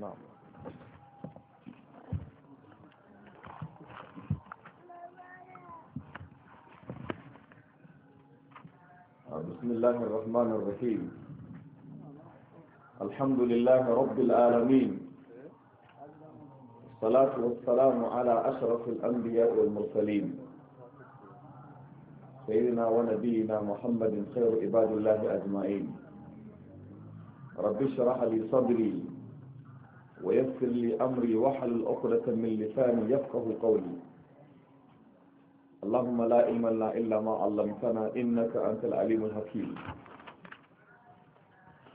نعم آه، بسم الله الرحمن الرحيم الحمد لله رب العالمين الصلاة والسلام على أشرف الأنبياء والمرسلين سيدنا ونبينا محمد خير عباد الله أجمعين رب اشرح لي صدري ويسر لي أمري وحل الأقدة من لساني يفقه قولي اللهم لا علم لنا إلا ما علمتنا إنك أنت العليم الحكيم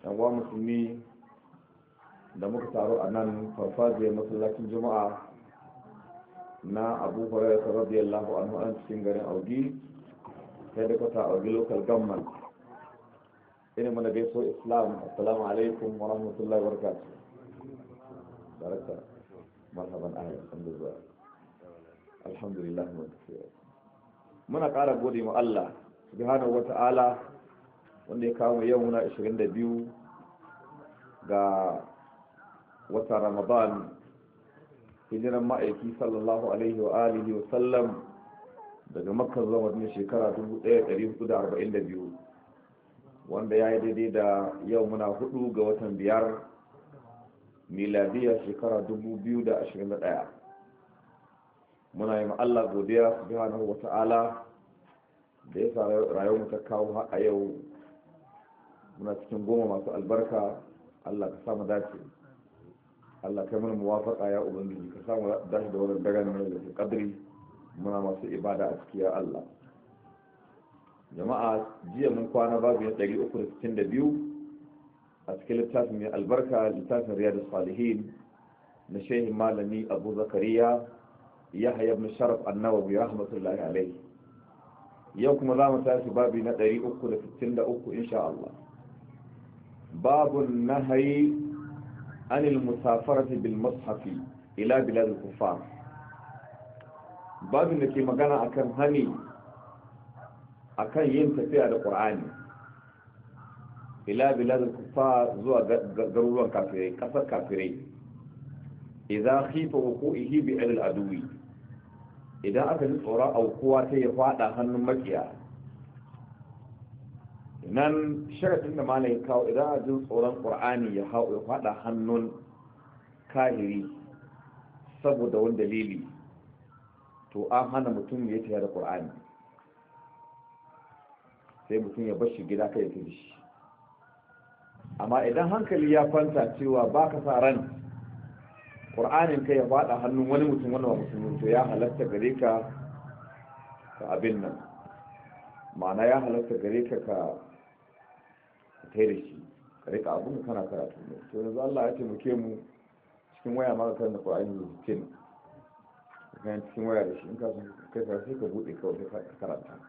يعني مسلمي دمك تارو أنان فرفاضي مسلك الجمعة نا أبو هريرة رضي الله عنه أن تشنغري أوجي كذلك تأوجي لك الجمل إنما نبيسو إسلام السلام عليكم ورحمة الله وبركاته baraka marhaban ahlan san da zuwa alhamdulillah mun muna ƙara gode mu Allah subhanahu wata'ala wanda ya kawo yau muna 22 ga wata Ramadan hijiran ma'aiki sallallahu alaihi wa alihi wa sallam daga makka zuwa wani shekara 1442 wanda ya yi daidai da yau muna hudu ga watan biyar miladiyar shekara 2021 muna yi Allah godiya su biya na wata'ala da ya sa rayuwar ta kawo a yau muna cikin goma masu albarka Allah ka samu dace Allah kai mana muwafaka ya ubangiji ka samu dace da wannan daga nan da kadri muna masu ibada a cikin Allah jama'a jiya mun kwana babu ya 362 a cikin littafin mai albarka littafin riyadu salihin na shehin malami abu zakariya ya haya ibn sharaf annawawi rahmatullahi alaihi yau kuma za mu tashi babi na 363 insha Allah babun nahayi anil musafarati bil mushafi ila bilad kuffar babin da ke magana akan hani akan yin tafiya da qur'ani ila bilad fa zuwa garuruwan kafirai kasar kafirai idan khifa wuqu'ihi bi al adwi idan aka ji tsoron aukuwa sai ya fada hannun makiya nan sharadin da malai kawo idan aka ji tsoron qur'ani ya hawo hannun kahiri saboda wani dalili to an hana mutum ya tayar da ƙur'ani. sai mutum ya bar gida kai ya tafi shi amma idan hankali ya kwanta cewa ba ka sa ran ƙur'anin ka ya faɗa hannun wani mutum wani musulmi to ya halatta gare ka ka abin nan ma'ana ya halatta gare ka ka tai da shi ka rika abin kana karatu ne to yanzu Allah ya taimake mu cikin waya ma ka da ƙur'ani da cikin ka cikin waya da shi in ka san kai ka sai ka buɗe ka sai ka karanta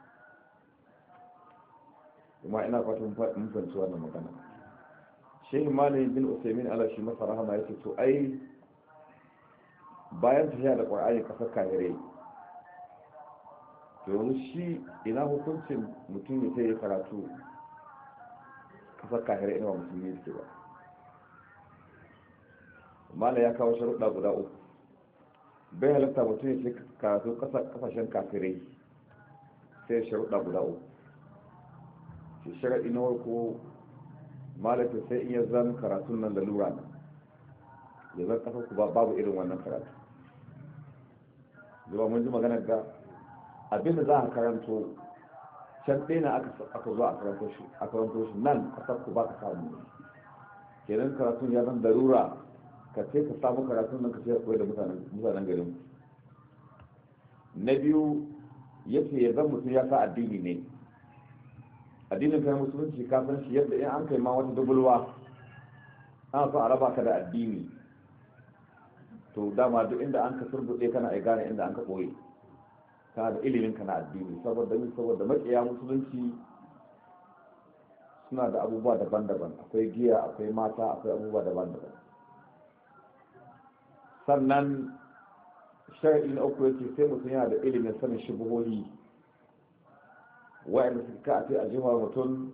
kuma ina fatan mun fahimci wannan magana shehin malamin bin usaimin ala shi masa rahama ya ce to ai bayan tafiya da ƙwararren ƙasar kahirai to yanzu shi ina hukuncin mutum ya sai ya karatu ƙasar kahirai ina mutum ya ke ba mala ya kawo sharuɗa guda uku bai halitta mutum ya ce karatu ƙasashen kafirai sai sharuɗa guda uku shi sharaɗi na ko. malaka sai in ya zan karatun nan da lura nan ya zan kasar ku babu irin wannan karatu zuwa mun ji maganar ga da za a karanto can ɗaya na aka zo a karanto shi nan kasar ku ba ka samu kenan karatun ya zan da lura ka ce ka samu karatun nan ka ce koyar da mutanen garin na biyu ya ce ya zan mutum ya sa addini ne addinin kai musulunci ka san shi yadda in an kai ma wata dubulwa ana so a raba ka da addini to dama duk inda an ka surbuɗe kana a gane inda an ka ɓoye ka da ilimin ka na addini saboda mai saboda maƙiya musulunci suna da abubuwa daban-daban akwai giya akwai mata akwai abubuwa daban-daban sannan shari'in uku yake sai mutum yana da ilimin sanin shubuhohi wa'anda suka a ce a jima mutum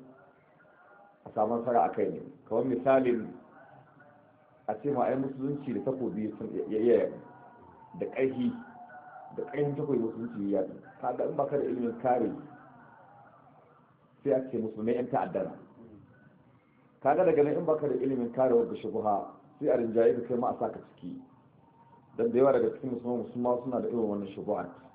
a saman sara a kai ne kamar misalin a ce ma ai musulunci da takobi sun iya da ƙarfi da ƙarfin takobi musulunci ya ta ga in baka da ilimin kare sai a ce musulmai yan ta'addara ka ga daga nan in baka da ilimin kare wadda shubuha sai a rinjaye ka kai ma a saka ciki don da yawa daga cikin musulman musulma suna da irin wannan shubuhat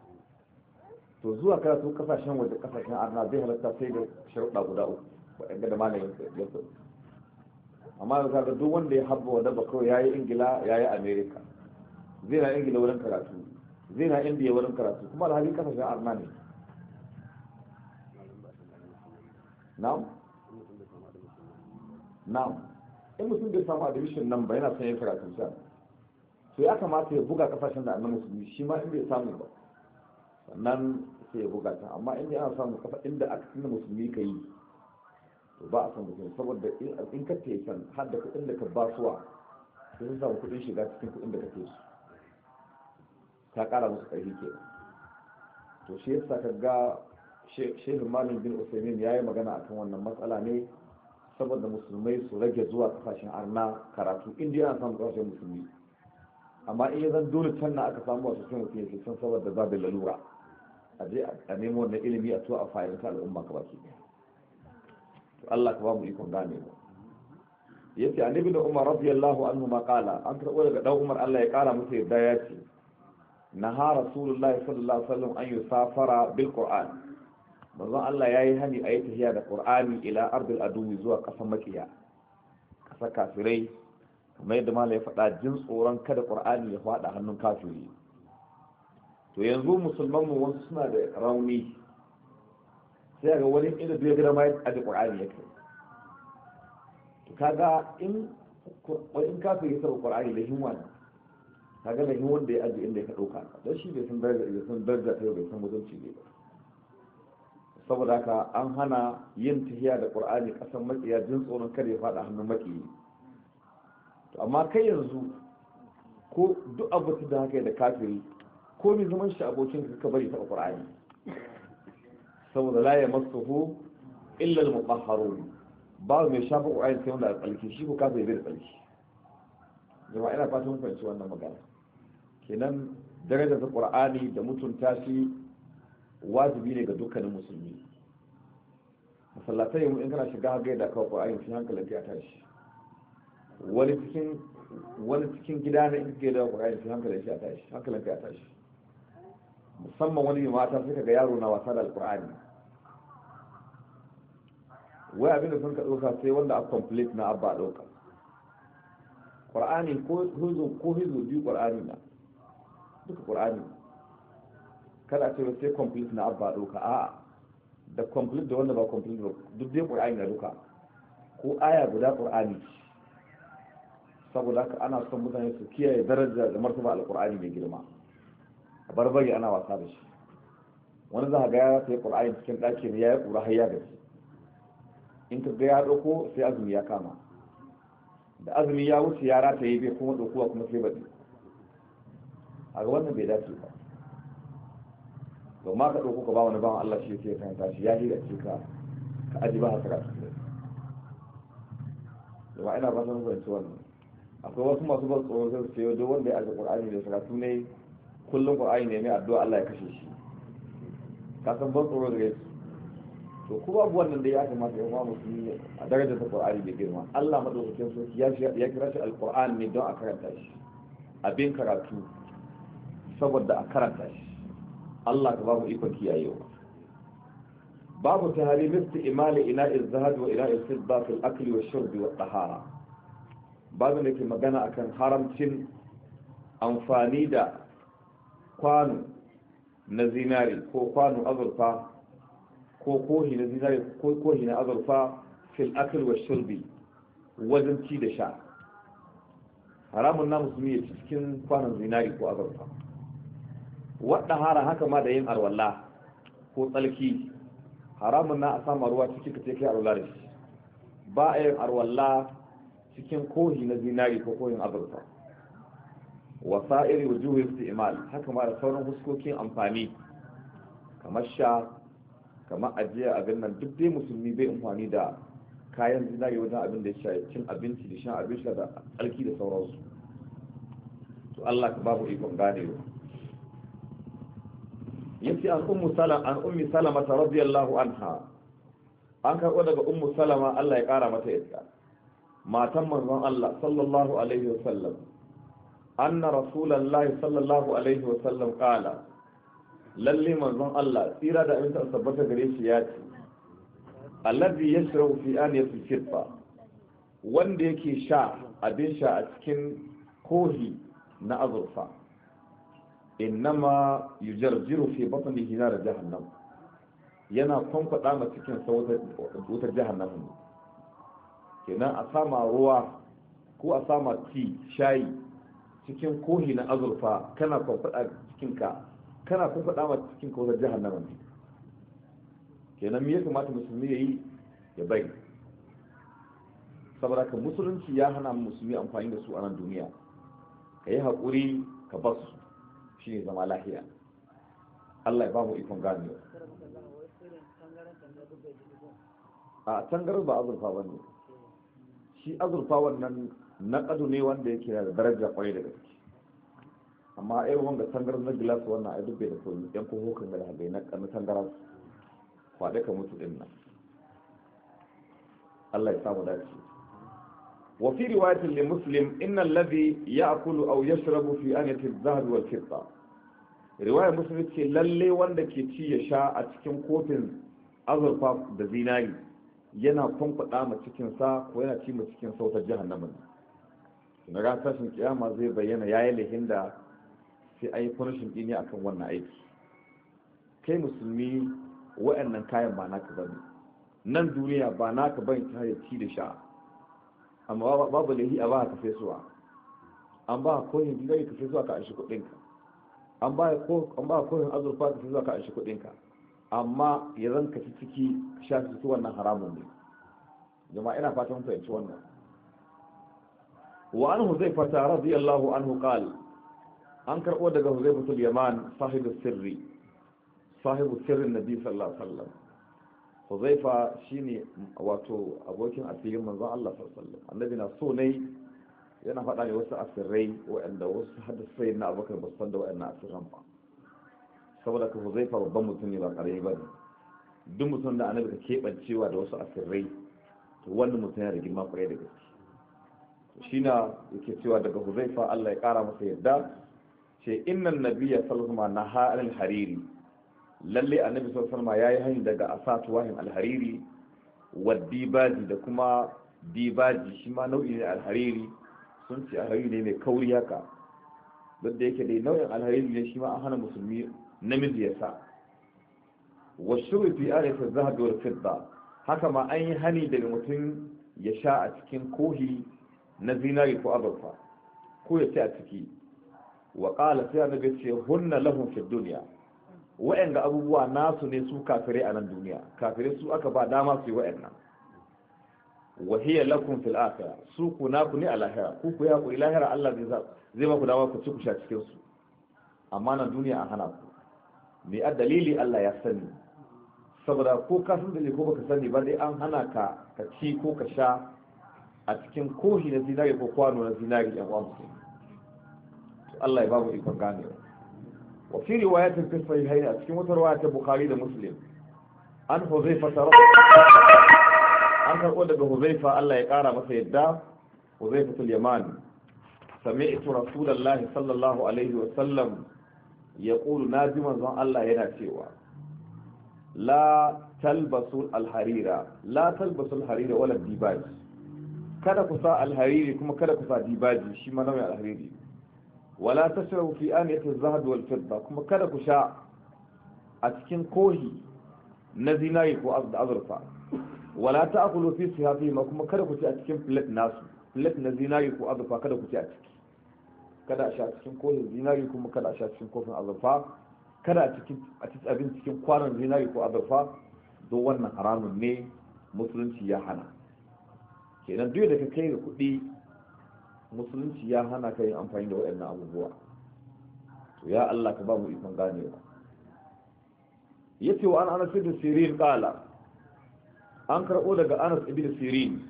to zuwa karatu kasashen waje kasashen arna zai halatta sai da sharuɗa guda uku waɗanda da malamin ya so amma yanzu ga duk wanda ya habba wadda ba kawai yayi ingila yayi america zai na ingila wurin karatu zai na indiya wurin karatu kuma alhali kasashen arna ne na'am na'am in mutum bai samu admission nan ba yana son yin karatu sa to ya kamata ya buga kasashen da annan musulmi shi ma in bai samu ba sannan sai ya buga ta amma inda ana samun kasa inda aka tuna musulmi ka yi to ba a san mutum saboda in ka te san har da kuɗin da ka ba suwa sai sun samu kuɗin shiga cikin kuɗin da ka te su ta ƙara musu ƙarfi ke to shi yasa ka ga shehu malam bin usaimin ya yi magana akan wannan matsala ne saboda musulmai su rage zuwa kasashen arna karatu inda ana samun kasashen musulmi amma in ya zan dole can na aka samu wasu sun mutum ya san saboda ba lalura a je a nemo wannan ilimi a to a fa'idanta al'umma ka baki to Allah ka ba mu ikon gane mu yace annabi da Umar radiyallahu anhu ma kala an karbo daga dan Umar Allah ya kara masa yadda ya ce naha rasulullahi sallallahu alaihi wasallam an safara bil qur'an manzo Allah yayi hani a yi tafiya da qur'ani ila ardil adumi zuwa kasan makiya kasa kafirai kamar yadda malai ya faɗa jin tsoron kada qur'ani ya faɗa hannun kafiri to yanzu musulman mu wasu suna da rauni sai ga wani inda duk ya gida ma a da qur'ani ya kai to kaga in wani kafin ya saba qur'ani da hinwa kaga da himwa da ya ajiye inda ya dauka don shi bai san daraja bai san daraja ta bai san mutunci ne ba saboda haka an hana yin tahiya da qur'ani kasan makiya jin tsoron kar ya fada hannun makiyi to amma kai yanzu ko duk abu da haka da kafiri ko mai zaman shi abokin ka bari ta ƙur'ani saboda la ya hu illa al-mutahharun ba mai shafa ƙur'ani sai wanda a tsalki shi ko kafa ya bai da tsalki jama'a ina fatan fahimci wannan magana kenan darajar ta ƙur'ani da mutunta shi wajibi ne ga dukkanin musulmi masallatai in kana shiga hagai da kawo ƙur'ani cikin hankalin ya tashi wani cikin wani cikin gida na inda ke da ƙur'ani cikin hankalin ya tashi hankalin ya tashi musamman wani mata suka ga yaro na wasa da alkur'ani wai abinda sun ka ɗauka sai wanda a complete na abba ɗauka ƙwar'ani ko hizo biyu ƙwar'ani na duka ƙwar'ani kada ce sai complete na abba ɗauka a da complete da wanda ba complete duk dai ƙwar'ani na duka ko aya guda ƙwar'ani saboda ana son mutane su kiyaye daraja da martaba alƙur'ani mai girma a barbari ana wasa da shi wani za ga ya sai ƙur'ani cikin ɗakin ya yi ƙura har ya gaji in ka ga ya ɗauko sai azumi ya kama da azumi ya wuce ya rata yi bai kuma ɗaukuwa kuma sai baɗi a ga wannan bai dace ba domin ka ɗauko ka ba wani bawan Allah shi sai fahimta shi ya hira ce ka ka aji ba haka rasu ne domin ina ba san zance wannan akwai wasu masu ban tsoron sai su ce yau duk wanda ya aji ƙur'ani da karatu ne kullum ƙwa'ayi ne mai addu'a Allah ya kashe shi kasan ban tsoro da yake to kuma abubuwan nan da ya kamata ya kuma musulmi a darajar ta ƙwa'ani mai girma Allah maɗaukakin soki ya kira shi alƙwa'ani ne don a karanta shi abin karatu saboda a karanta shi Allah ka babu ikon kiyayewa babu ta tahari mista imali ina izahad wa ina isibba fil akli wa shurbi wa tahara babu da ke magana akan haramcin amfani da kwano na zinari ko kwano azurfa ko kohi na zinari ko kohi na azurfa fil akil wa shirbi wajen ci da sha haramun na musulmi ya ci cikin kwanon zinari ko azurfa wadda hara haka ma da yin arwalla ko tsalki haramun na a samu ruwa ciki ka ce kai arwalla da shi ba a yin arwalla cikin kohi na zinari ko kohin azurfa wa sa'iri wujuhi isti'mal haka ma da sauran huskokin amfani kamar sha kamar ajiya abin nan duk dai musulmi bai amfani da kayan zinari wajen abin da ya shafi cin abinci da shan abin sha da alki da sauransu to Allah ka babu ikon ganewa yace an ummu salama an ummi salama radiyallahu anha an karɓo daga ummu salama Allah ya ƙara mata yadda matan manzon Allah sallallahu alaihi wasallam anna rasulallahi sallallahu alaihi wa sallam kala lalle manzon Allah tsira da abinci tabbata gare shi ya ce alladhi yashrabu fi an yasifa wanda yake sha abin sha a cikin kohi na azurfa innama yujarjiru fi batnihi nar jahannam yana kwankwada ma cikin jihar jahannam kenan a sama ruwa ko a sama ti shayi cikin kohi na azurfa kana kwamfada cikinka kana kwamfada ma cikinka wajen nan ne kenan me ya kamata musulmi ya yi ya bai saboda ka musulunci ya hana musulmi amfani da su a nan duniya ka yi haƙuri ka su shi ne zama lahiya Allah ya ba mu ikon gani a tangar ba azurfa ba ne shi azurfa wannan naƙadu ne wanda yake da daraja kwarai da gaske amma a yawan wanga tangar na gilas wannan a dubbe da koyi yan ko hukun da haɗe na ƙanu tangaran kwaɗe ka mutu ɗin nan Allah ya samu dace wa fi riwayat li muslim inna alladhi ya'kulu aw yashrabu fi anati adh-dhahab wal fidda riwaya muslim ce lalle wanda ke ci ya sha a cikin kofin azurfa da zinari yana kwankwada ma cikinsa ko yana ci ma cikin sautar jihar namun na ga tashin kiyama zai bayyana yi lahin da sai a yi punishment din ne akan wannan aiki kai musulmi wa'annan kayan ba naka ba nan duniya ba naka ba ta ya ci da sha amma babu lahi a ba ka fai suwa an ba ka koyin gidai ka fai suwa ka ashi kudinka an ba ka koyin azurfa ka fai suwa ka ashi kudinka amma ya ka ci ciki ka sha su wannan haramun ne jama'a ina fatan fahimci wannan wa an huzaifata radiyallahu anhu qala an karbo daga huzaifatul yaman sahibu sirri sahibu sirrin nabi sallallahu alaihi wasallam huzaifa shine wato abokin asirin manzon Allah sallallahu alaihi wasallam annabi na so ne yana faɗa ne wasu asirai waɗanda wasu hadisi na abokan basu san da waɗannan asirin ba saboda ka huzaifa babban mutum ne ba ƙarai ba ne duk mutum da annabi ka keɓancewa da wasu asirai, to wannan mutum ya rigima girma da gaske Shina yake cewa daga huzaifa Allah ya kara masa yadda ce innan nabiyya sallallahu na al hariri lalle annabi sallallahu ya yi hani daga asatu wahin alhariri wa dibaji da kuma dibaji shi ma nau'i ne alhariri sun ce alhariri ne mai kauri haka duk da yake dai nau'in alhariri ne shi ma an hana musulmi namiji ya sa wa shurbi alif zahab wal fidda haka ma an yi hani daga mutum ya sha a cikin kohi na zinari ko azurfa ko ya ce a ciki wa ƙala sai annabi ce hunna lahum fi duniya wa'anga abubuwa nasu ne su kafire a nan duniya kafirai su aka ba dama su yi wa'annan wa hiya lakum fil akhirah su ku na ku ne a lahira ku ku ya ku lahira Allah zai zai ba ku dama ku ci ku sha cikin su amma nan duniya a hana ku me a dalili Allah ya sani saboda ko ka san dalili ko baka sani ba dai an hana ka ka ci ko ka sha a cikin kohi na zinari ko kwano na zinari yan uwa musulmi Allah ya ba mu ikon gane wa fi riwayatin fi sahihaini a cikin wata riwaya ta Bukhari da Muslim an Huzaifa ta an karɓo daga Huzaifa Allah ya ƙara masa yadda Huzaifa tul Yaman sami'tu Rasulullahi sallallahu alaihi wa sallam yaqulu naji manzon Allah yana cewa la talbasul alharira la talbasul harira wala dibaj kada ku sa alhariri kuma kada ku sa dibaji shi ma nauyin alhariri wala tashrabu fi aniyati az-zahab wal fidda kuma kada ku sha a cikin kohi na zinari ko azurfa wala ta'kulu fi sihafi ma kuma kada ku ci a cikin plate nasu plate na zinari ko azurfa kada ku ci a ciki kada a sha cikin kohin zinari kuma kada a sha cikin kofin azurfa kada a cikin abin cikin kwanon zinari ko azurfa don wannan haramun ne musulunci ya hana kenan duk da ka kai ga kuɗi musulunci ya hana ka yin amfani da waɗannan abubuwa to ya Allah ka ba mu ikon ganewa yace wa an anas ibn sirin qala an karɓo daga anas ibn sirin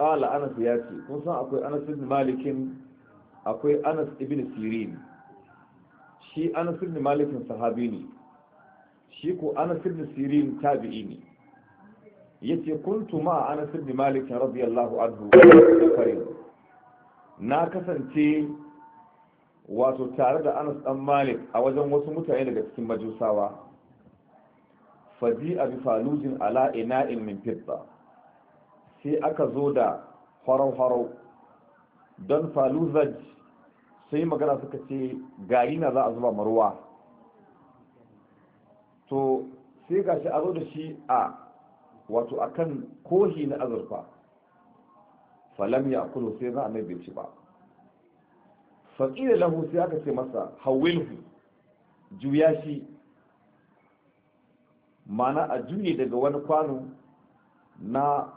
qala anas ya kun san akwai anas ibn malikin akwai anas ibn sirin shi anas ibn malikin sahabi ne shi ko anas ibn sirin tabi'i ne yace kuntu ma anas bin malik radiyallahu anhu karin na kasance wato tare da anas dan malik a wajen wasu mutane daga cikin majusawa fadi abi falujin ala ina'in min fidda sai aka zo da harau-harau don faluzaj sai magana suka ce gari na za a zuba maruwa to sai gashi a zo da shi a wato akan kohi na azurfa falam ya kulu sai za a mai bai ci ba faƙila lahu sai aka ce masa hawilhu juya shi mana a juye daga wani kwano na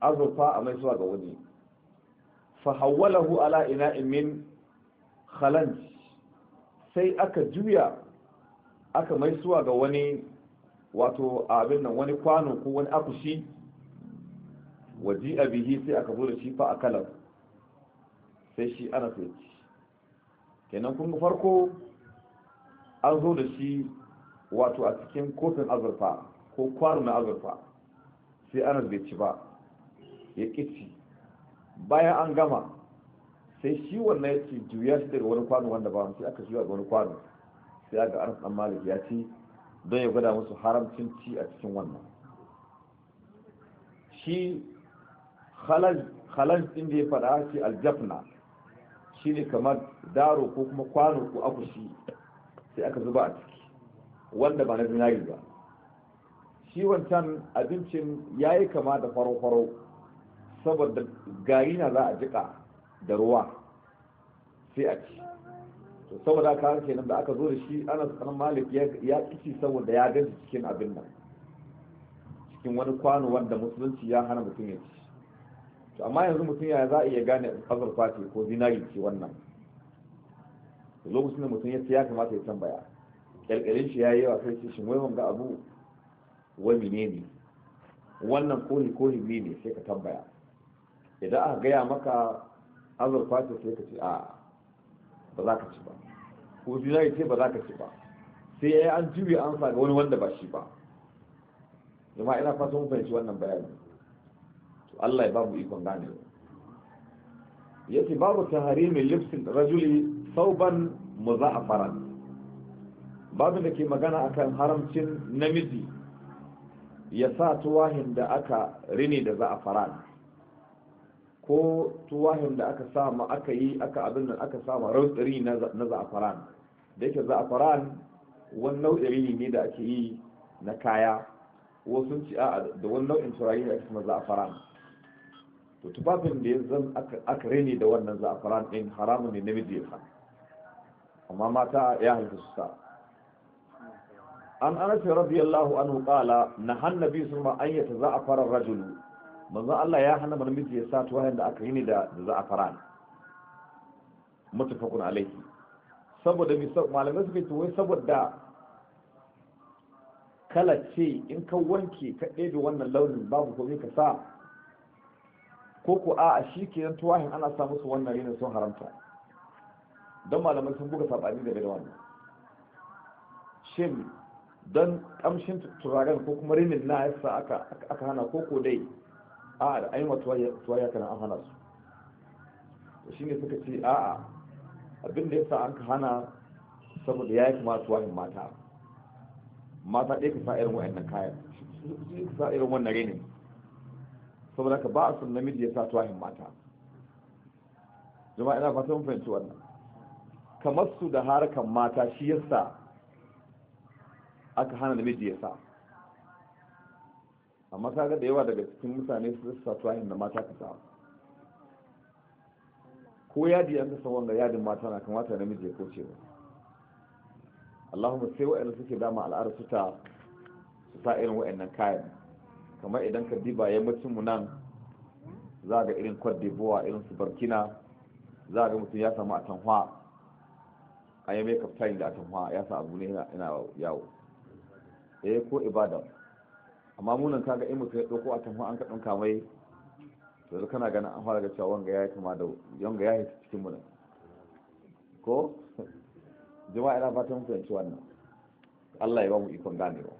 azurfa a mai zuwa ga wani Fa hawalahu ala ina min khalanj sai aka juya aka mai zuwa ga wani wato abin nan wani kwano ko wani akushi waji abihi sai aka zo da shi fa a kalar sai shi ana sai kenan kun farko an zo da shi wato a cikin kofin azurfa ko kwano na azurfa sai ana bai ci ba ya kici bayan an gama sai shi wannan ya ce juya shi daga wani kwano wanda ba sai aka juya ga wani kwano sai aga anas dan ya ci. don ya gwada musu haramcin ci a cikin wannan shi khalaj din da ya faɗa shi aljafna shi ne kamar daro ko kuma kwano ko akushi sai aka zuba a ciki wanda ba na zinari ba shi wancan abincin ya yi kama da faro-faro saboda gari na za a jika da ruwa sai a ci to saboda ka har kenan da aka zo da shi ana tsanan malik ya kici saboda ya gaji cikin abin nan cikin wani kwano wanda musulunci ya hana mutum ya ci to amma yanzu mutum ya za a iya gane azurfa ce ko zinari ce wannan lokacin da mutum ya ya kamata ya tambaya kyalkyalin shi ya yi wa sai shi wai wanga abu wai menene wannan kohi kohi ne sai ka tambaya idan aka gaya maka azurfa ce sai ka ce a'a ba za ka ci ba ko juna ya ce ba za ka ci ba sai ya yi an juye an sa ga wani wanda ba shi ba jama'a ina fata mun fahimci wannan bayani to Allah ya ba mu ikon gane ya ce babu taharimi libsin rajuli sauban muza'afaran babu da ke magana akan haramcin namiji ya sa tuwahin da aka rini da za'afaran ko tuwahin da aka sama aka yi aka abin da aka sama rautsari na za'afaran da yake za'afaran wani nau'iri ne da ake yi na kaya wasu ci a da wani nau'in turare da ake kuma za'afaran to tufafin da ya zan aka rene da wannan za'afaran ɗin haramun ne namiji ya amma mata ya haifi su sa an anas radiyallahu anhu qala nahan nabi sallallahu alaihi wasallam an rajulu manzon Allah ya hana namiji ya sa tuwayen da aka yi ne da za a fara mutafakun alaihi saboda malamai suka ce wai saboda kala ce in ka wanke ka ɗebe wannan launin babu komai ka sa ko ko a shi kenan tuwahin ana sa musu wannan rinin sun haramta don malamai sun buga saɓani da da wannan shin don kamshin turaren ko kuma rinin na yasa aka hana ko dai a da ainihin tuwaya kana an hana su shi ne suka ce a'a abin da ya sa an ka hana saboda ya yi kuma tuwahin mata mata ɗaya ka sa irin wa'annan kayan su ka sa irin wannan renin saboda ka ba a sun namiji ya sa tuwahin mata jama'a ina fata mun fahimci wannan kamar su da harkar mata shi yasa aka hana namiji ya sa amma kaga da yawa daga cikin mutane su sa tuwahin da mata ka samu ko yadi an san wanga yadin mata na kamata namiji ya koce ba Allahumma sai wa'anda suke dama al'ar su ta su sa irin wa'annan kayan kamar idan ka diba yammacin mu nan za ga irin Cote d'Ivoire irin su Burkina za ga mutum ya samu atanhwa an yi mai kaftayin da atanhwa ya sa abu ne yana yawo eh ko ibada. amma munan kaga in mutum ya ɗauko a tafi an ka ɗinka mai to yanzu kana ganin an fara ga cewa wanga ya yi kama da wanga ya yi cikin munan ko jama'a ina fatan mu fahimci wannan Allah ya ba mu ikon ganewa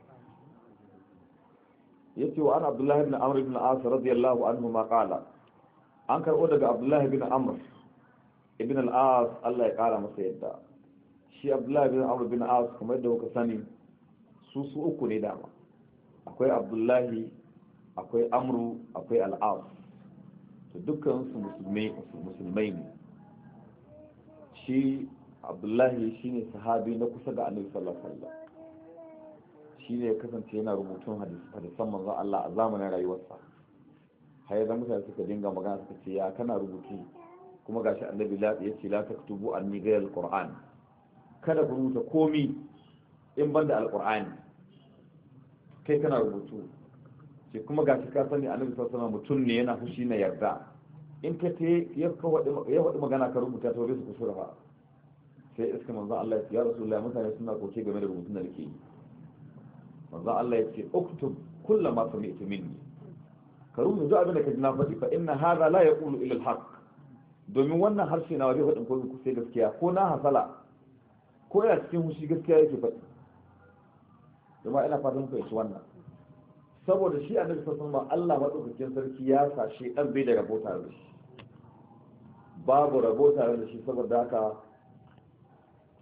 yace wa an Abdullah ibn Amr ibn As radiyallahu anhu ma qala an karbo daga Abdullah ibn Amr ibn al-As Allah ya kara masa yadda shi Abdullah ibn Amr ibn As kamar yadda kuka sani su su uku ne dama akwai abdullahi akwai amru akwai al'af to su musulmai ne shi abdullahi shine sahabi na kusa ga annabi sallallahu alaihi wasallam shine ya kasance yana rubutun hadisi, san manzon Allah a zamanin rayuwarsa har yanzu mutane suka dinga magana suka ce ya kana rubutu kuma gashi annabi ya ce la taktubu anni ghayr al-qur'an kada ku rubuta komi in banda alqur'ani kai kana rubutu ce kuma ga ka sani annabi sallallahu alaihi mutum ne yana fushi na yarda in ka te ya faɗi magana ka rubuta ta bai su kusura ba sai iska manzo Allah ya ce ya rasulullahi mutane suna koke game da rubutun da nake yi manzo Allah ya ce uktub kullama sami'tu minni ka rubuta duk abin da ka ji na faɗi fa inna hadha la yaqulu illa al-haq domin wannan harshe na wajen faɗin komai sai gaskiya ko na hasala ko yana cikin fushi gaskiya yake faɗi zama ina fatan su wannan saboda shi a nufin sassan Allah maɗaukakin sarki ya sa ɗan bai da rabo tare da shi babu rabo tare da shi saboda haka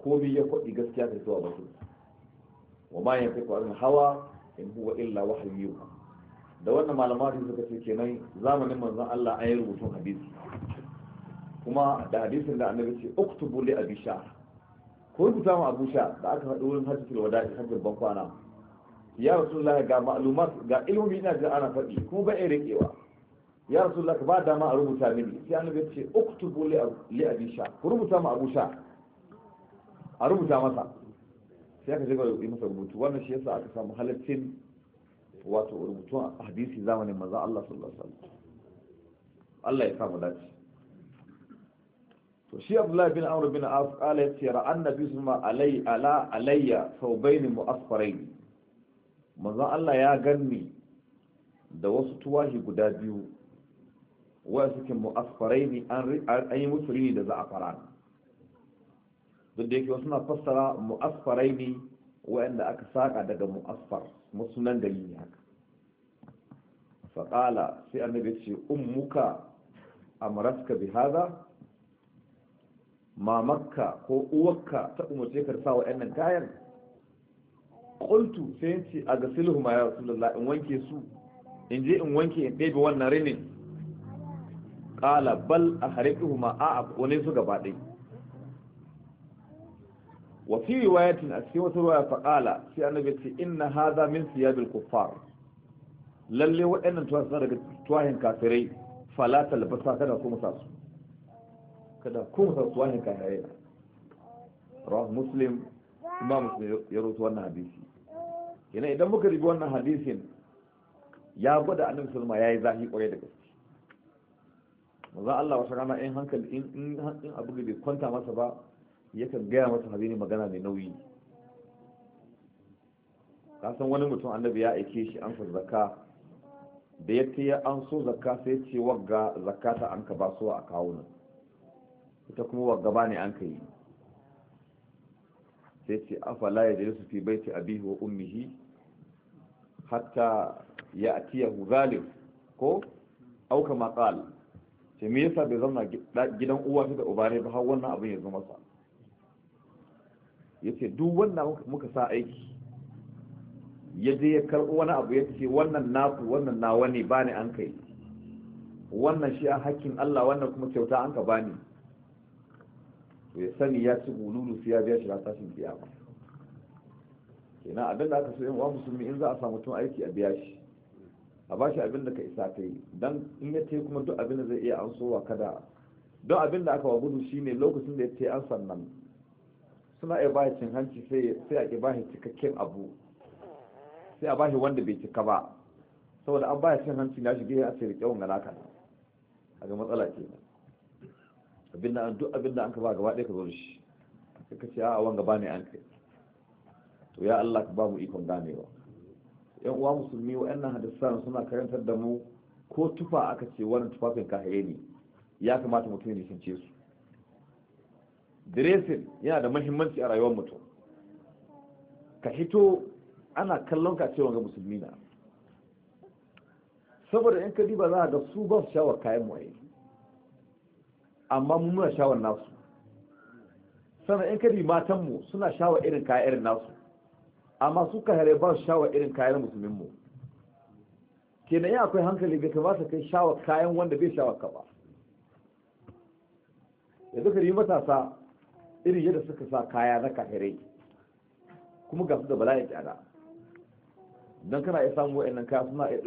komi ya kwaɗi gaskiya ta zuwa baki. wa ma ko arin hawa in huwa illa wahayi da wannan malamari suka ce kenan zamanin manzon Allah an yi rubutun hadisi kuma da hadisin da annabi ce uktubu li abisha ko rubuta mu abu da aka faɗi wurin hajjatul wada'i hajjul bankwana ya rasulullah ga ma'lumat ga ilimi ina da ana faɗi kuma ba rikewa ya rasulullah ka ba da ma a rubuta mini sai annabi ya ce uktubu li abi sha ku rubuta ma abu sha a rubuta masa sai aka shiga yi masa rubutu wannan shi yasa aka samu halaccin wato rubutun hadisi zamanin maza Allah sallallahu alaihi wasallam Allah ya samu dace to shi Abdullah bin Amr bin Auf qala ya ce ra'an nabi sallallahu alaihi ala alayya thawbayn mu'asfarayn manzon Allah ya ganni da wasu tuwashi guda biyu wa suke mu'asfarai ne an yi musu rini da za'afaran duk da yake wasu na fassara mu'asfarai ne wa'anda aka saka daga mu'asfar musunan gari ne haka faƙala sai annabi ce ummuka amaraska bi hada mamakka ko uwarka ta umarce ka sa wa'annan kayan qultu sai yace a gasiluhu ma ya rasulullah in wanke su in je in wanke in ɗebe wannan rinin qala bal ahriquhu ma a kone su gaba dai wa fi riwayatin a cikin wata riwaya faqala sai annabi ce inna hadha min siyabil kuffar lalle waɗannan sun daga tuwahin kafirai fala talbasa kada kuma sa su kada kuma sa tuwahin kafirai rawahu muslim imam muslim ya rutu wannan hadisi yana idan muka ribi wannan hadisin ya gwada annabi ya yayi zahi kwarai da gaske manzo Allah wata rana in hankali in in abu da kwanta masa ba yakan gaya masa hadini magana mai nauyi kasan wani mutum annabi ya aike shi an zakka da ya ta an so zakka sai ce wagga zakka an ka ba su a nan ita kuma wagga ba ne an ka yi sai ce afala ya jalisu fi baiti abihu wa ummihi hatta ya atiya zalim ko au kama qal ce me yasa bai zama gidan uwa da uba ne ba har wannan abin ya zama masa yace duk wannan muka sa aiki ya je ya karɓi wani abu ya ce wannan naku wannan na wani ba ni an kai wannan shi a hakkin Allah wannan kuma kyauta an ka bani to ya sani ya ci gululu sai ya biya shi tashin kiyama kenan abin da aka so wa musulmi in za a samu tun aiki a biya shi a ba shi abin da ka isa ta yi don in ya ce kuma duk abin da zai iya an sowa kada don abin da aka wa gudu shine lokacin da ya ce an sannan suna iya ba cin hanci sai a ba shi cikakken abu sai a ba shi wanda bai cika ba saboda an ba shi cin hanci na shiga a sai kyawun wanga naka a ga matsala ke abin da duk abin da an ka ba gaba ɗaya ka zo da shi ka ce a wanga ba ne an kai to ya Allah ka babu ikon ganewa yan uwa musulmi wa 'yan hadisan suna karantar da mu ko tufa aka ce wannan tufafin haye ne ya kamata mutum ya nisance su dressing yana da muhimmanci a rayuwar mutum ka hito ana kallon ka cewa ga musulmi na saboda in ka ba za a ga su ba su shawar kayan mu amma mun muna shawar nasu sannan in ka matanmu suna shawar irin kayan irin nasu amma su hare ba su shawa irin kayan musulmin mu kenan ya akwai hankali bai kamata kai shawa kayan wanda bai shawa ka ba ya ka yi matasa irin yadda suka sa kaya na kahire kuma ga su da ya tsada don kana iya samu wa'annan kaya suna iya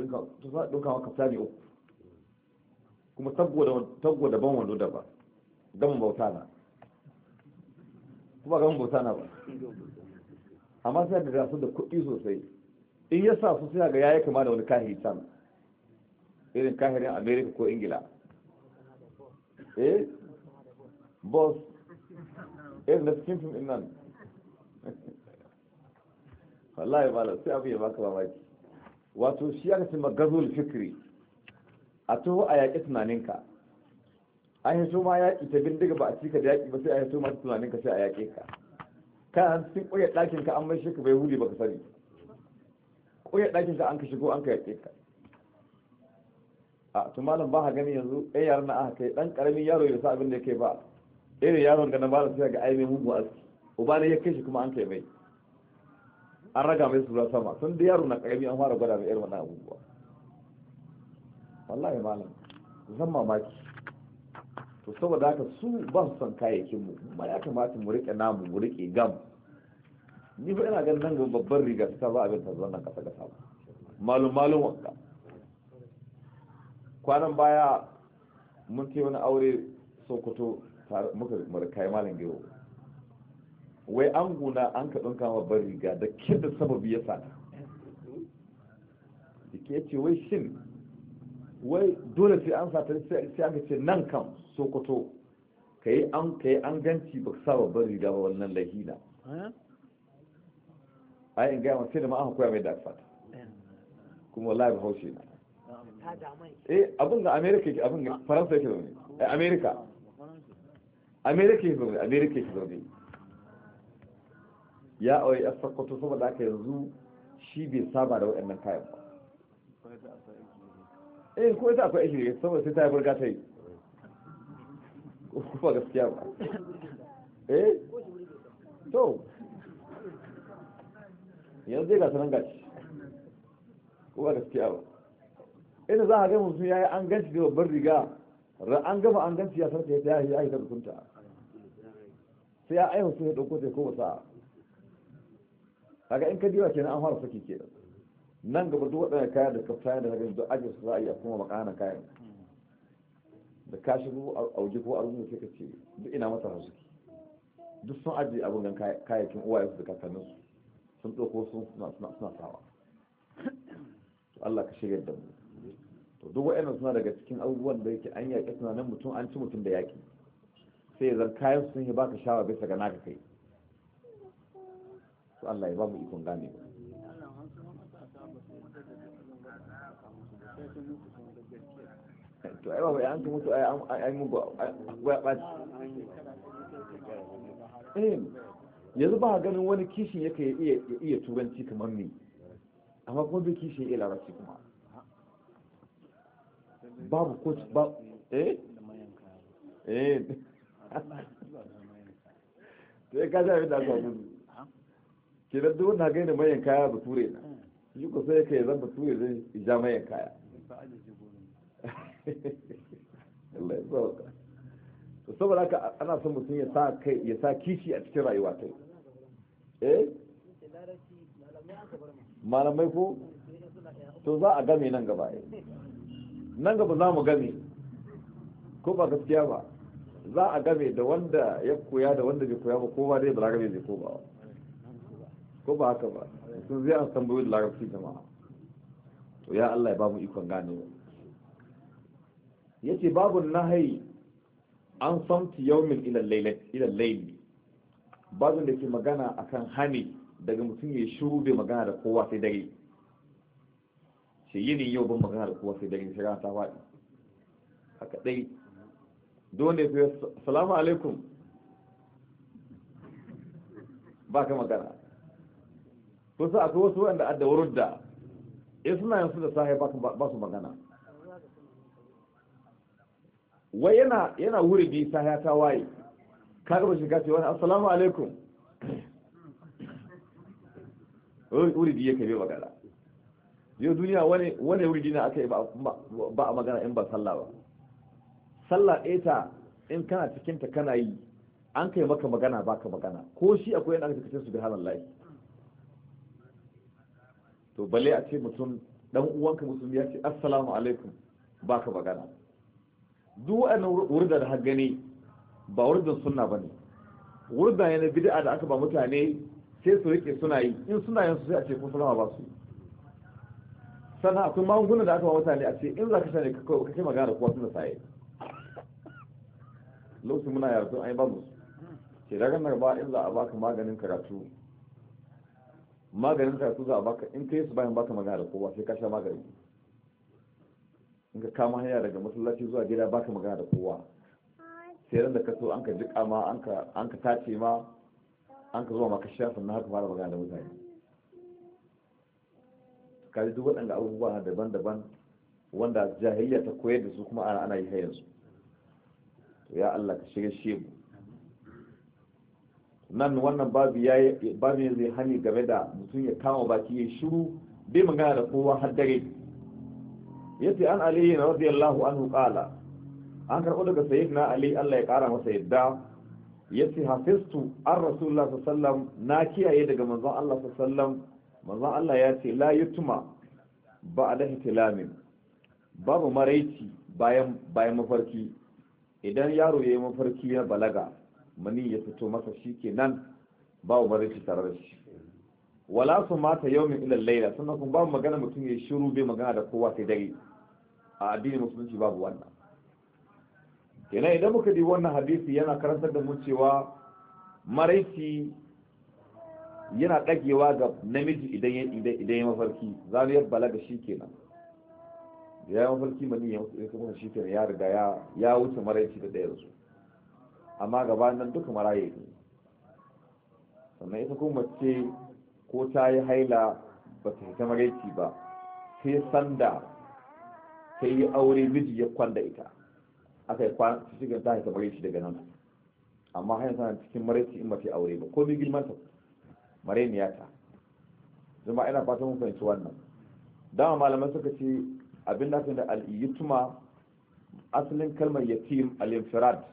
ɗunka maka sani uku kuma taggo daban wando daban gaban bauta na kuma gaban bauta na ba amma sai ga su da kuɗi sosai in ya sa su suna ga yayi kama da wani kahi can irin kahirin america ko ingila eh boss irin da cikin fim nan wallahi malam sai abu ya baka mamaki wato shi aka ce magazul fikri a toho a yaƙi tunaninka an yi so ma yaƙi ta bindiga ba a cika da yaƙi ba sai a yi so ma tunaninka sai a yaƙe ka kana cikin ƙoyar ɗakin an mai shi ka bai huli baka sani ƙoyar ɗakinka an ka shigo an ka yaƙe ka a to malam ba ha gani yanzu ɗaya yaran na aka kai ɗan ƙaramin yaro ya sa abin da yake ba irin yaron ga na ba da sai ga ai mai mugu aski uba ne ya kai shi kuma an kai mai an raga mai sura sama sun da yaro na ƙarami an fara gwada mai irin wannan abubuwa wallahi malam zan mamaki to saboda haka su ban son kayayyakin mu ma ya kamata mu rike namu mu rike gam ni fa ina ganin nan ga babban riga ta ba abin ta nan kasa kasa malum malum wanka kwanan baya mun ce wani aure sokoto muka kai malam gero wai an guna an ka ɗunka babban riga da kirda sababi ya sa da ke ce wai shin wai dole sai an sata sai an ce nan kan sokoto ka yi an ka an ganci ba sa babban riga ba wannan lahina eh? a in gaya sai da ma an koya mai da asfata kuma wallahi bahaushe na eh abin da america ke, abin faransa ke zaune eh america america ke zaune america ke zaune ya aure a sokoto saboda haka yanzu shi bai saba da waɗannan kayan ba eh ko ita akwai aiki ne saboda sai ta yi burga ta yi Kuma gaskiya ba eh to yanzu zai gasa nan gashi kuma gaskiya ba inda za a gama mutum ya yi an ganci da babbar riga an gama an ganci ya sarki ya yi aiki da hukunta sai ya aihu sun ya ɗauko ta ko wasa kaga in ka diba kenan an fara saki ke nan gaba duk waɗanda kayan da kafta da na gani don ajiyar su za a iya kuma makana kayan da ka shigo a waje ko a rungu sai ka ce duk ina masa hausa duk sun ajiye abin gan kayayyakin su da kakanninsu sun ɗauko sun suna sawa to Allah ka shigar da mu to duk wa'annan suna daga cikin abubuwan da yake an yaƙi suna nan mutum an ci mutum da yaƙi sai ya zan kayan sun yi baka shawa bisa ga naka kai to Allah ya ba mu ikon gane ba to ai ba an ka mutu ai ai mugu ba ba eh yanzu ba ganin wani kishin yake iya iya turanci kamar ni amma kuma bai kishin iya larabci kuma babu ko ba eh eh to ya kaza abin da ka gudu ke da duk na gani mayan kaya ba ture na yi ko sai ka yi zan ba ture zai ja mayan kaya Allah ya sauka to saboda haka ana son mutum ya sa kai ya sa kishi a cikin rayuwa ta eh malamai ko to za a game nan gaba nan gaba za mu game ko ba gaskiya ba za a game da wanda ya koya da wanda bai koya ba ko ba dai balarabe zai ko ba ko ba haka ba sun zai an tambayoyi da larabci jama'a to ya Allah ya ba mu ikon ganewa yace babu nahyi an samti yawmin ila layl ila da ke magana akan hani daga mutum ya shiru bai magana da kowa sai dare shi yinin yau ban magana da kowa sai dare shi rana ta faɗi haka dai dole sai assalamu salamu alaikum ba ka magana kusa akwai wasu wanda adda wurudda in suna yansu da sahi ba su magana wai yana yana wuri bi sa ya ta waye ka ga shi kace wani assalamu alaikum wuri bi yake bai magana yau duniya wani wani wuri dina aka yi ba a magana in ba sallah ba sallah eta ta in kana cikin ta kana yi an kai maka magana baka magana ko shi akwai yana cikin su bihalallahi layi to balle a ce mutum dan uwanka musulmi ya ce assalamu alaikum baka magana duk waɗannan wurda da gani ba wurdan sunna ne. wurda yana bid'a da aka ba mutane sai su rike suna yi in suna yin su sai a ce kun sallama ba su sannan akwai magungunan da aka ba mutane a ce in za ka sani ne ka kai magana da kowa suna saye lokacin muna yarda an yi ba musu ke daga nan ba in za a baka maganin karatu maganin karatu za a baka in kai su bayan baka magana da kowa sai ka sha magani in ka kama hanya daga masallaci zuwa gida baka magana da kowa sai ran da ka so an ka jika ma an ka tace ma an ka zuwa maka shafin na haka fara magana da mutane kaji duk waɗanda abubuwa na daban-daban wanda jahiliya ta koyar da su kuma ana ana yi hayan su to ya Allah ka shiga shi nan wannan babu ya babu zai hani game da mutum ya kama baki ya shiru bai magana da kowa har dare yace an ali radiyallahu anhu qala an karbo daga sayyidina ali Allah ya kara masa yadda yace hafistu ar rasulullah sallallahu na kiyaye daga manzon Allah sallallahu manzon Allah ya ce la yutma ba'da ihtilamin babu maraici bayan bayan mafarki idan yaro yayi mafarki ya balaga mani ya fito masa shikenan babu maraici tare da shi wala su mata yawmin ilal laila sannan kuma babu magana mutum ya shiru bai magana da kowa sai dare a addinin musulunci babu wannan kenan idan muka di wannan hadisi yana karantar da mu cewa maraici yana dagewa ga namiji idan idan idan ya mafarki zariyar balaga shikenan da ya mafarki mani ya kuma shikenan ya riga ya ya wuce maraici da daya su amma gabanin duka maraye sannan ita kuma ce ko ta yi haila ba ta maraici ba sai sanda ta yi aure miji ya kwanda ita aka yi kwana ta shiga ta hita maraici daga nan amma hanyar sana cikin maraici in mace aure ba ko bi girman ta marainiya ta zama ina fatan mun fahimci wannan dama malaman suka ce abin da da al'iyyutuma asalin kalmar yatim al-infirad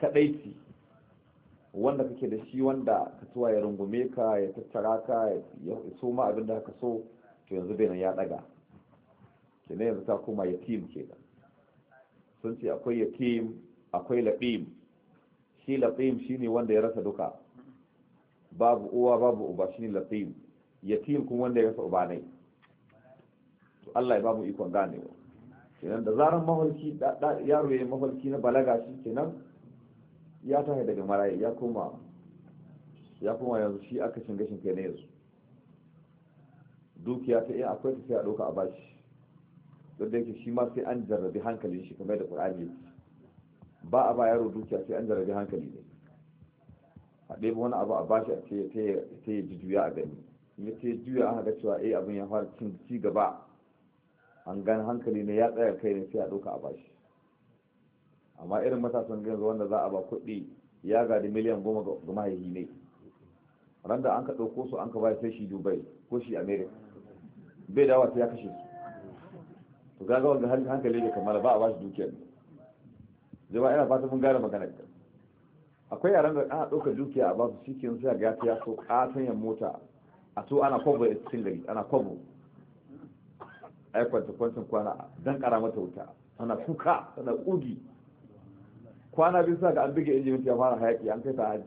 kadaici wanda kake da shi wanda ka tuwa ya rungume ka ya tattara ka ya so ma abin da ka so to yanzu bai nan ya daga kenan yanzu ta koma yatim da sun ce akwai yatim akwai laɓim shi laɓim ne wanda ya rasa duka babu uwa babu uba shi ne laɓim yatim kuma wanda ya rasa uba ne to Allah ya babu ikon ganewa kenan da zaran mahalki yaro ya mahalki na balaga shi kenan ya tashi daga marayi ya koma ya koma yanzu shi aka cin gashin ne yanzu dukiya ta iya akwai ta sai a ɗauka a bashi don da yake shi ma sai an jarrabi hankalin shi kamar da ƙur'ani ba a ba yaro dukiya sai an jarrabi hankali ne a ɗaya wani abu a bashi a ce ta yi juya a gani ya ce juya an haka cewa eh abin ya fara cin ci gaba an gani hankali ne ya tsaya kai ne sai a ɗauka a bashi amma irin matasan yanzu wanda za a ba kuɗi ya gadi miliyan goma ga mahaifi ne ran da an ka ɗauko su an ka ba sai shi dubai ko shi america bai dawa sai ya kashe su to gaga wanda hankali da kamar ba a bashi dukiyar jama'a ina fata mun gane magana ka akwai yaran da ana ɗaukar dukiya a basu shi kin sai ga ya so katon mota a to ana kwabo ya cikin gari ana kwabo ai kwanta kwantan kwana dan kara mata wuta tana kuka tana kugi kwana biyu sa ga an bige injin ya fara hayaki an kai ta haji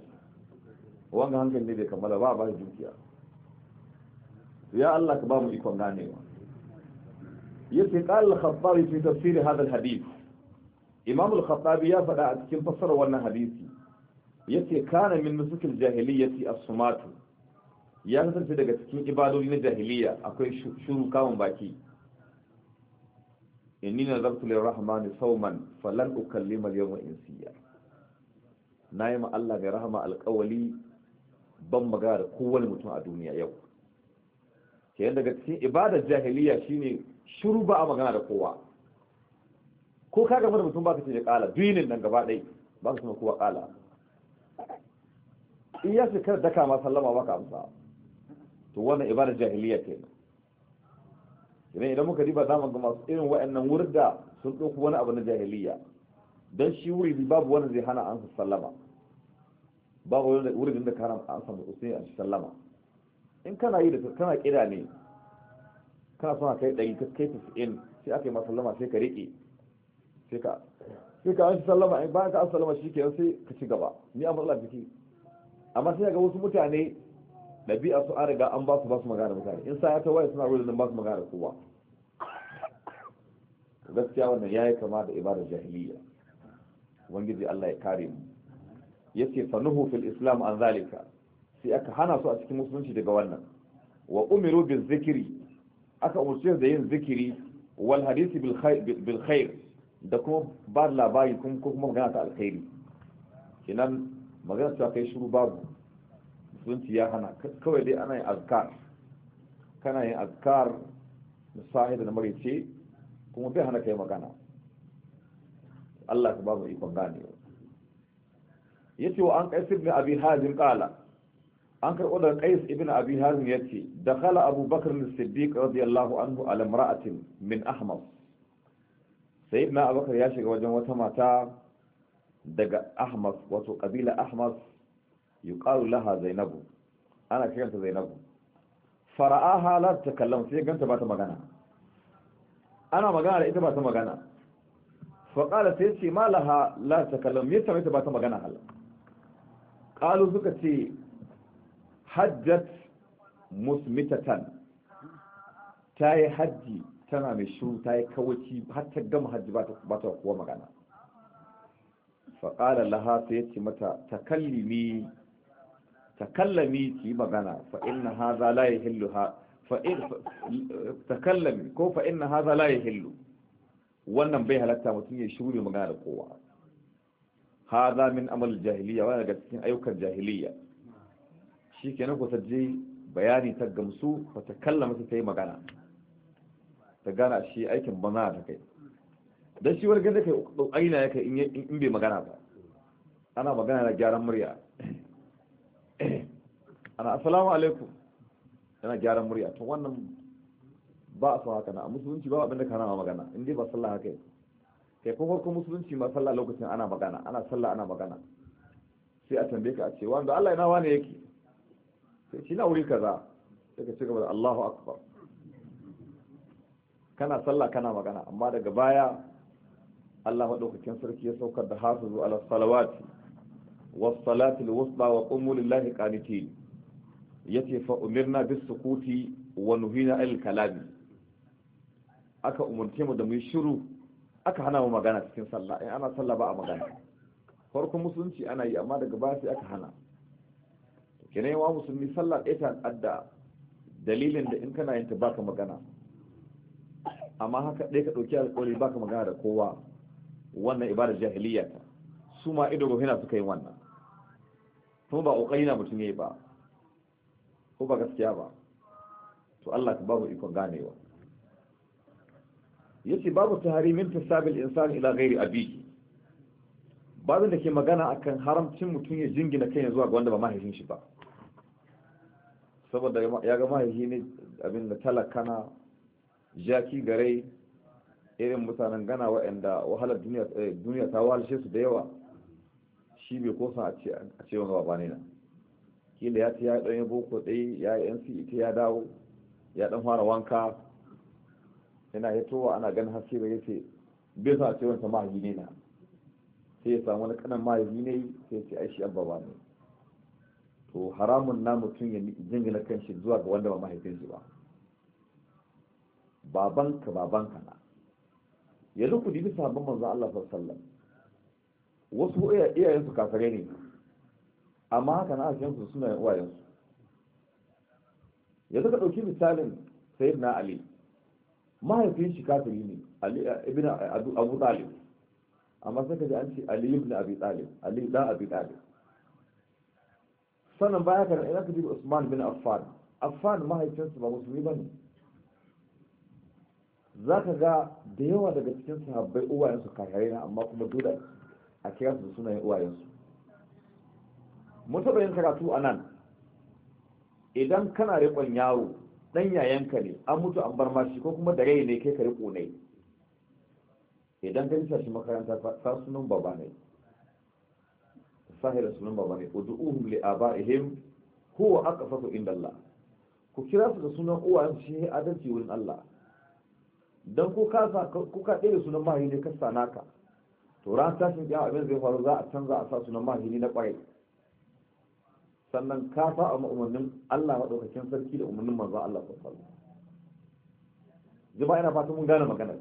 wanga hankali ne bai kammala ba ba dukiya ya Allah ka ba mu ikon ganewa yace qal al-khattabi fi tafsir hadha al-hadith imam al-khattabi ya fada a cikin fassarar wannan hadisi yace kana min nusuk al-jahiliyyati as-sumatu ya kasance daga cikin ibadodi na jahiliya akwai shuru kawun baki inni nazartu lirrahmani sawman falan ukallima al-yawma insiya nayi ma Allah mai rahama alƙawali ban magana da kowane mutum a duniya yau ke daga cikin ibadar jahiliya shine shiru ba a magana da kowa ko ka gama da mutum baka ce da kala dinin nan gaba ɗai ba ka kowa kala in ya shekar daka ma sallama baka amsa to wannan ibadar jahiliya kenan idan idan muka riba za mu ga masu irin wa'annan wurda sun ɗauki wani abu na jahiliya don shi bi babu wani zai hana an sallama babu wuridin da karam an samu usai an sallama in kana yi da kana kira ne kana son kai ɗari ka kai in sai aka yi masallama sai ka riƙe sai ka sai ka an sallama in bayan ka an sallama shi ke sai ka ci gaba ni a matsala ciki amma sai ga wasu mutane ɗabi'a su an riga an ba su ba su magana mutane in sa ya ta waye suna rudin ba su magana kowa gaskiya wannan ya yi kama da ibadar jahiliya ubangiji Allah ya kare mu yace fa nuhu fil islam an zalika sai aka hana su a cikin musulunci daga wannan wa umiru bil zikri aka umurce da yin zikiri wal hadisi bil khair da kuma ba labari ko kuma magana ta alkhairi kenan magana ta kai shiru babu musulunci ya hana kawai dai ana yin azkar kana yin azkar na sahi da na marice kuma bai hana kai magana Allah ka ba mu ikon gane yace wa an qais ibn abi hazim qala an karɓo daga qais ibn abi hazim yace dakhala abu bakr na siddiq radiyallahu anhu ala imra'atin min ahmas sayyidina abubakar ya shiga wajen wata mata daga ahmas wato kabila ahmas yuqalu laha zainabu ana kiranta zainabu fara'aha la takallam sai ganta ba ta magana ana magana da ita ba ta magana fa qala sai ce ma laha la takallam me yasa ba ta magana hal qalu suka ce hajjat musmitatan tayi haji tana mai shiru tayi kawaci har ta gama haji ba ta ba ta kuwa magana fa qala laha sai ce mata takallimi takallami ki magana fa inna hadha la yahillu ha fa in takallami ko fa inna hadha la yahillu wannan bai halatta mutum ya shuri magana da kowa hadha min amal jahiliya wani daga cikin ayyukan jahiliya shi kenan ko je bayani ta gamsu fa takallama ta yi magana ta gana shi aikin banza ta kai dan shi wani da kai aina yake in bai magana ba ana magana da gyaran murya ana assalamu alaikum yana gyaran murya Tun wannan ba a so haka na musulunci ba abinda ka rama magana inda ba sallah haka kai ko farko musulunci ba sallah lokacin ana magana ana sallah ana magana sai a tambaye ka a ce wanda Allah yana wane yake sai shi na wuri kaza sai ka ci gaba da Allahu akbar kana sallah kana magana amma daga baya Allah madaukakin sarki ya saukar da hafizu ala salawati lillahi الوسطى yace fa umirna bis sukuti wa nuhina al kalam aka umurce mu da mu shiru aka hana mu magana cikin sallah in ana sallah ba a magana farkon musulunci ana yi amma daga baya sai aka hana kenan wa musulmi sallah ɗaya ta adda dalilin da in kana yin ta baka magana amma haka ɗaya ka ɗauki alƙawari baka magana da kowa wannan ibadar jahiliya ta su ma ido gobe suka yi wannan kuma ba kokari na mutum yi ba ko ba gaskiya ba to Allah ka babu ikon ganewa yace babu taharimin tasabil insan ila ghairi biki. babin da ke magana akan haramcin mutum ya jingina kai zuwa ga wanda ba mahaifin shi ba saboda ya ga mahaifi ne abin da talakana jaki gare irin mutanen gana waɗanda wahalar eh, duniya ta wahalshe su da yawa shi bai kosa a ce wanga baba ne na kila ya ci ya ɗan yi boko ɗai ya yi nc ita e ya dawo ya ɗan fara wanka yana towa ana ganin haske bai yace bai sa a ce wanta mahaifi ne na sai ya samu wani kanan mahaifi ne sai ya ce aishi shi abba ba ne to haramun na mutum ya jingina kanshi zuwa ga wanda ba mahaifinsu ba babanka babanka na ya lukudi bisa sabon manzo Allah sallallahu alaihi wasu iyayensu kafare ne amma haka na ajiyarsu suna uwayensu yanzu ka ɗauki misalin sayid na ali mahaifin shi kafiri ne ibn abu talib amma sai ka ji an ce ali ibn abi talib ali dan abi talib sannan baya ka ina ka ji usman bin affan affan mahaifinsu ba musulmi ba ne za ka ga da yawa daga cikin sahabbai uwayensu kafare na amma kuma dole a kira su da sunayen uwayensu mun taɓa yin karatu a nan idan kana riƙon yaro ɗan yayanka ne an mutu an bar mashi ko kuma da rai ne kai ka riƙo ne idan ka nisa shi makaranta ta sunan baba ne sahira sunan baba ne udu'uhum li aba'ihim huwa aqsatu inda Allah ku kira su da sunan uwayen shi adalci wurin Allah dan ku ka ku ka dire sunan mahaifi ne ka sanaka to ran tashin kiyama abin zai faru za a canza a sa sunan mahini na kwarai sannan ka sa a ma'umannin Allah maɗaukakin sarki da umarnin manzo Allah sallallahu faru wasallam yana fatan mun gane magana.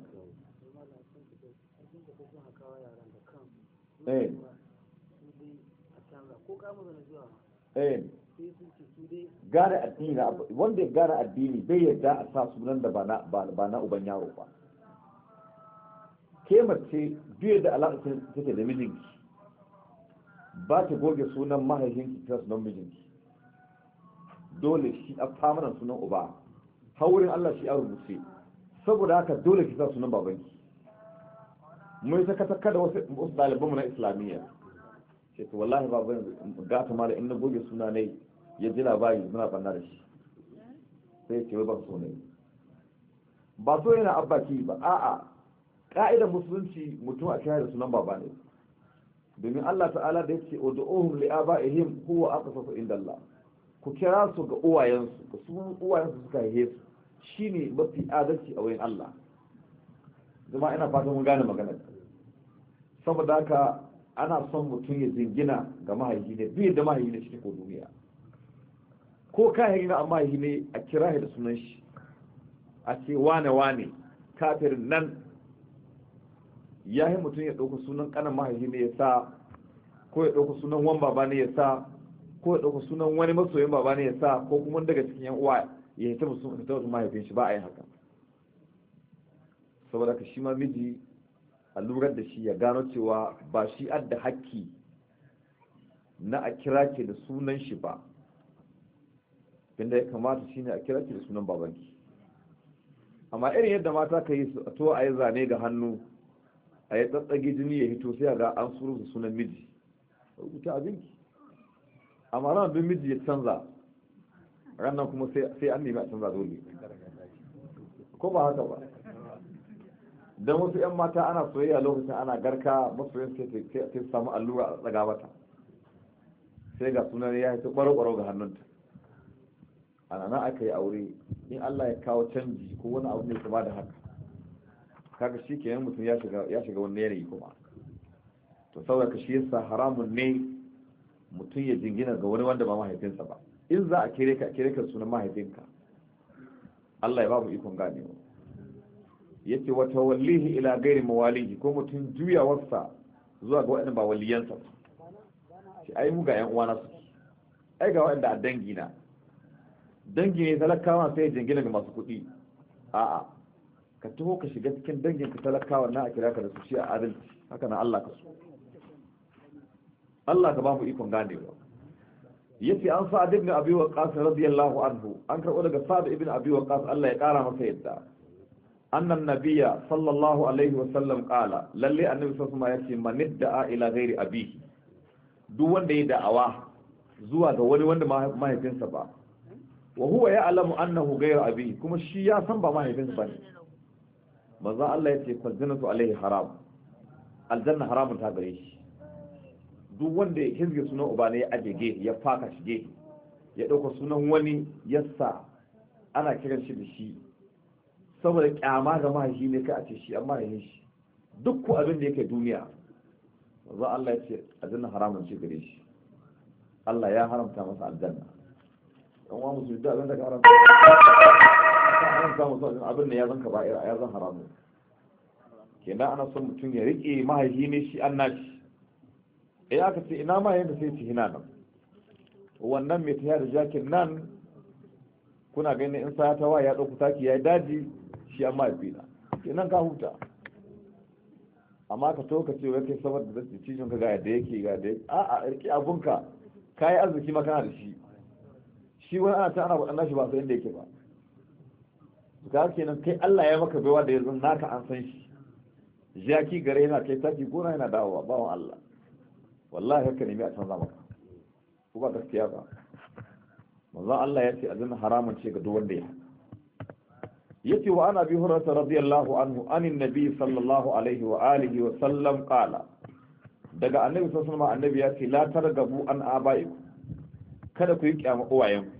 Eh. Eh. gane addini wanda ya gane addini bai yarda a sa sunan da ba na uban yaro ba ke mace biyu da alaƙa take da mijinki ba ta goge sunan mahaifinki ta sunan mijinki dole shi a famanan sunan uba haurin Allah shi a rubuce saboda haka dole ki sa sunan babanki mun ta kata kada wasu wasu ɗalibanmu na islamiyya ce ta wallahi baban gata mara in goge suna ne ya ji labari muna banna da shi sai ce wai ba su ne ba so yana ki ba a'a ka'idar musulunci mutum a kira da sunan baba ne domin Allah ta'ala da yake ba li kowa huwa aqsatu inda Allah ku kira su ga uwayensu ga su uwayensu suka haife su shine mafi adalci a wayan Allah zama ina fatan mun gane magana saboda haka ana son mutum ya zingina ga mahaifi ne biyu da mahaifi ne shi ko duniya ko ka yi na mahaifi ne a kira da sunan shi a ce wane wane kafirin nan ya yi mutum ya ɗauka sunan ƙanan mahaifi ne ya sa ko ya ɗauka sunan wani baba ne ya sa ko ya ɗauka sunan wani masoyin baba ne ya sa ko kuma daga cikin yan uwa ya hita musu ta wasu mahaifin shi ba a yi haka saboda ka shi ma miji a lura da shi ya gano cewa ba shi adda haƙƙi na a kira ke da sunan shi ba inda ya kamata shi ne a kira ke da sunan babanki amma irin yadda mata ka yi a to a yi zane ga hannu a ya tsatsage jini ya hito sai ga an suru sunan miji rubuta abin amma ran bin miji ya canza ranar kuma sai an nemi a canza dole ko ba haka ba don wasu 'yan mata ana soyayya lokacin ana garka yin sai su samu allura a tsaga mata sai ga sunan ya haifi kwaro-kwaro ga hannunta A nan aka yi aure in allah ya kawo canji ko wani abu ne kuma da haka kaga shi kenan mutum ya shiga wani yanayi kuma to saboda shi yasa haramun ne mutum ya jingina ga wani wanda ba mahaifinsa ba in za a kere ka kere ka sunan mahaifinka Allah ya ba mu ikon mu yace wa tawallihi ila ghairi mawalihi ko mutum juya wasa zuwa ga waɗanda ba waliyansa ba ce ai mu ga yan uwana su ai ga waɗanda a dangi na dangi ne talakawa sai jingina ga masu kuɗi a'a ka taho ka shiga cikin dangin ka talakawa na a kira ka da su shi a adalci haka na Allah ka so Allah ka ba mu ikon ganewa yace an sa'ad ibn abi waqas radiyallahu anhu an karbo daga sa'ad ibn abi waqas Allah ya kara masa yadda annan nabiyya sallallahu alaihi wa sallam qala lalle annabi sallallahu alaihi wasallam yace man da'a ila ghairi abihi duk wanda ya da'awa zuwa ga wani wanda mahaifinsa ba wa huwa ya'lamu annahu ghairu abihi kuma shi ya san ba mahaifinsa bane manzo Allah yace fazinatu alaihi haram aljanna haramun ta gare shi duk wanda ya kizge sunan uba ne ya ajege ya faka shige ya dauka sunan wani yassa ana kiran shi da shi saboda kyama ga mahaji ne ka a ce shi amma ne shi duk ku abin da yake duniya manzo Allah yace aljanna haramun ce gare shi Allah ya haramta masa aljanna dan wa musulmi da abin da ka haramta ka samu musu abin da ya ba kaba'ira ya zan haramu na ana son mutum ya riƙe mahaifi ne shi an nashi Ya eh, aka ce ina ma da sai ci hina nan wannan mai tayar da jakin nan kuna gani in sa ta waya ya ɗauku taki ya yi daji shi an mahaifi na Ke nan ka huta amma ka to ka ce wai kai saboda da cikin ka ga yadda yake ga da a a rike abunka yi arziki makana da shi shi wani ana ta ana wadannan shi ba sai inda yake ba ga kenan kai Allah ya maka baiwa da yanzu naka an san shi jaki gare yana kai taki gona yana dawowa bawan Allah wallahi haka ne mai a canza maka ko ba gaskiya ba manzon Allah ya ce azan haramun ce ga duk wanda ya yace wa ana bi hurrata radiyallahu anhu anin nabi sallallahu alaihi wa alihi wa sallam qala daga annabi sallallahu alaihi wa annabi ya ce la targabu an abaiku kada ku yi kyamu uwayenku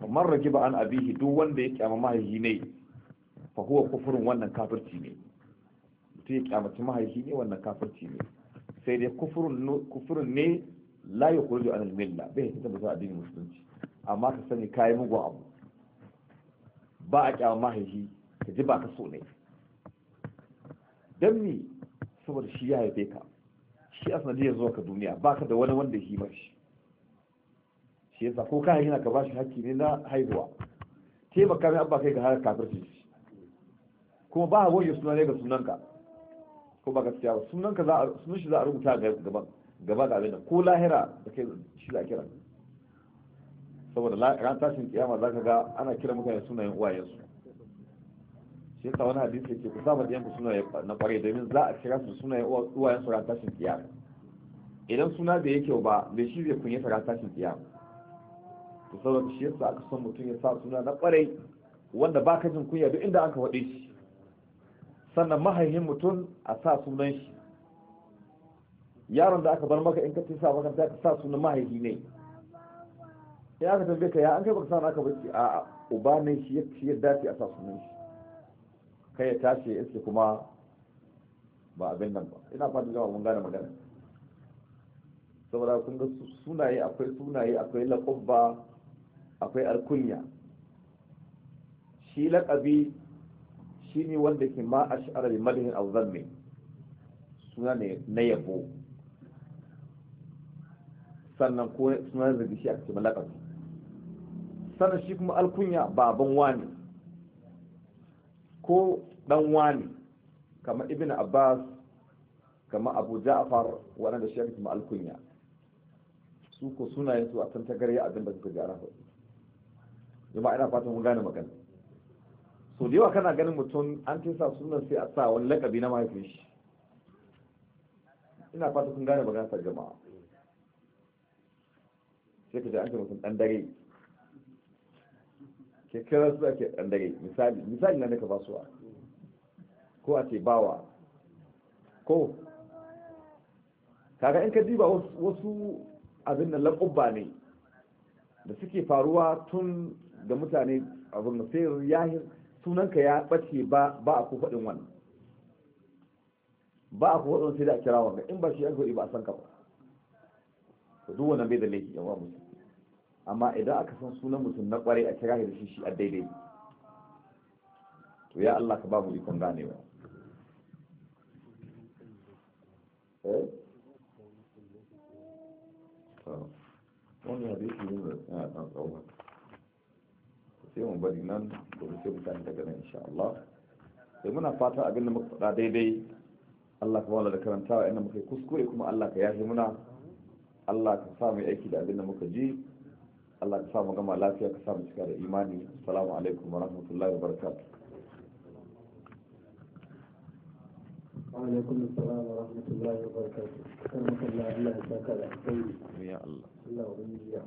fa man ragiba an abihi duk wanda ya kyama mahaihi ne fa huwa kufurin wannan kafirci ne mutum ya kyamaci mahaihi ne wannan kafirci ne sai dai kufurin ne la ya kuri an milla bai hita ba addinin musulunci amma ka sani kayi mugun abu ba a kyama mahaihi ka ji ba ka so ne dan ni saboda shi ya haife ka shi a sanadiyar zuwa ka duniya ba ka da wani wanda ya yi mashi shi yasa ko ka yana ka bashi hakki ne na haihuwa taimaka mai abba kai ga har kafirci shi kuma ba goge suna ne ga sunanka ko ba gaskiya ba sunanka za a sunan shi za a rubuta gaban gaba da abin ko lahira da kai shi za a kira saboda ran tashin kiyama za ka ga ana kira mutane sunayen uwayensu shi yasa wani hadisi yake ku saba yanku sunaye na kwarai domin za a kira su sunayen uwayensu ran tashin kiyama idan suna da yake ba bai shi zai kunyata ran tashin kiyama to saboda shi yasa aka san mutum ya sa suna na kwarai wanda ba ka jin kunya duk inda aka faɗe shi sannan mahaihin mutum a sa sunan shi yaron da aka bar maka in ka ce maka makaranta ka sa sunan mahaihi ne sai aka tambaye ka ya an kai baka sa naka bace a uba ne shi ya ci yadda a sa sunan shi kai ya tashi ya ce kuma ba abin nan ba ina fatan jama'a mun gane magana saboda kun ga sunaye akwai sunaye akwai laƙubba akwai alkunya shi laƙabi shi ne wanda ke ma a shi'arar malihin alzamme suna ne na yabo sannan ko suna zargi shi a cikin laƙabi sannan shi kuma alkunya baban wani ko dan wani kama ibn abbas kama abu ja'far waɗanda shi ake kuma alkunya su ko sunayen su a tantagarya abin da suka gara faɗi jama'a ina fatan mun gane magana so da yawa kana ganin mutum an ce sa sunan sai a sa wani lakabi na mahaifin shi ina fatan kun gane magana sa jama'a sai ka ji an ce mutum dan dare ke kira su ake dan dare misali misali na naka basuwa ko a ce bawa ko kaga in ka diba wasu abin nan lakubba ne da suke faruwa tun da mutane abin da sai yahir sunanka ya bace ba ba a ku faɗin ba a ku faɗin sai da a kira wanga in ba shi an ba a san ka ba duk wannan bai da laifi yawa mutum amma idan aka san sunan mutum na kware a kira shi da shi shi a daidai to ya Allah ka ba mu ikon ganewa eh wannan hadisi ne da ya dan tsawo sai mu bari nan gobe sai mutane daga nan insha Allah sai muna fata abin da muka faɗa daidai Allah ka wala da karantawa inda muka yi kuskure kuma Allah ka yafe muna Allah ka sa mu aiki da abin da muka ji Allah ka sa mu gama lafiya ka sa mu cika da imani assalamu alaikum wa rahmatullahi wa barakatuh وعليكم السلام ورحمة الله وبركاته. كرمك الله الله يسعدك خير. يا الله. الله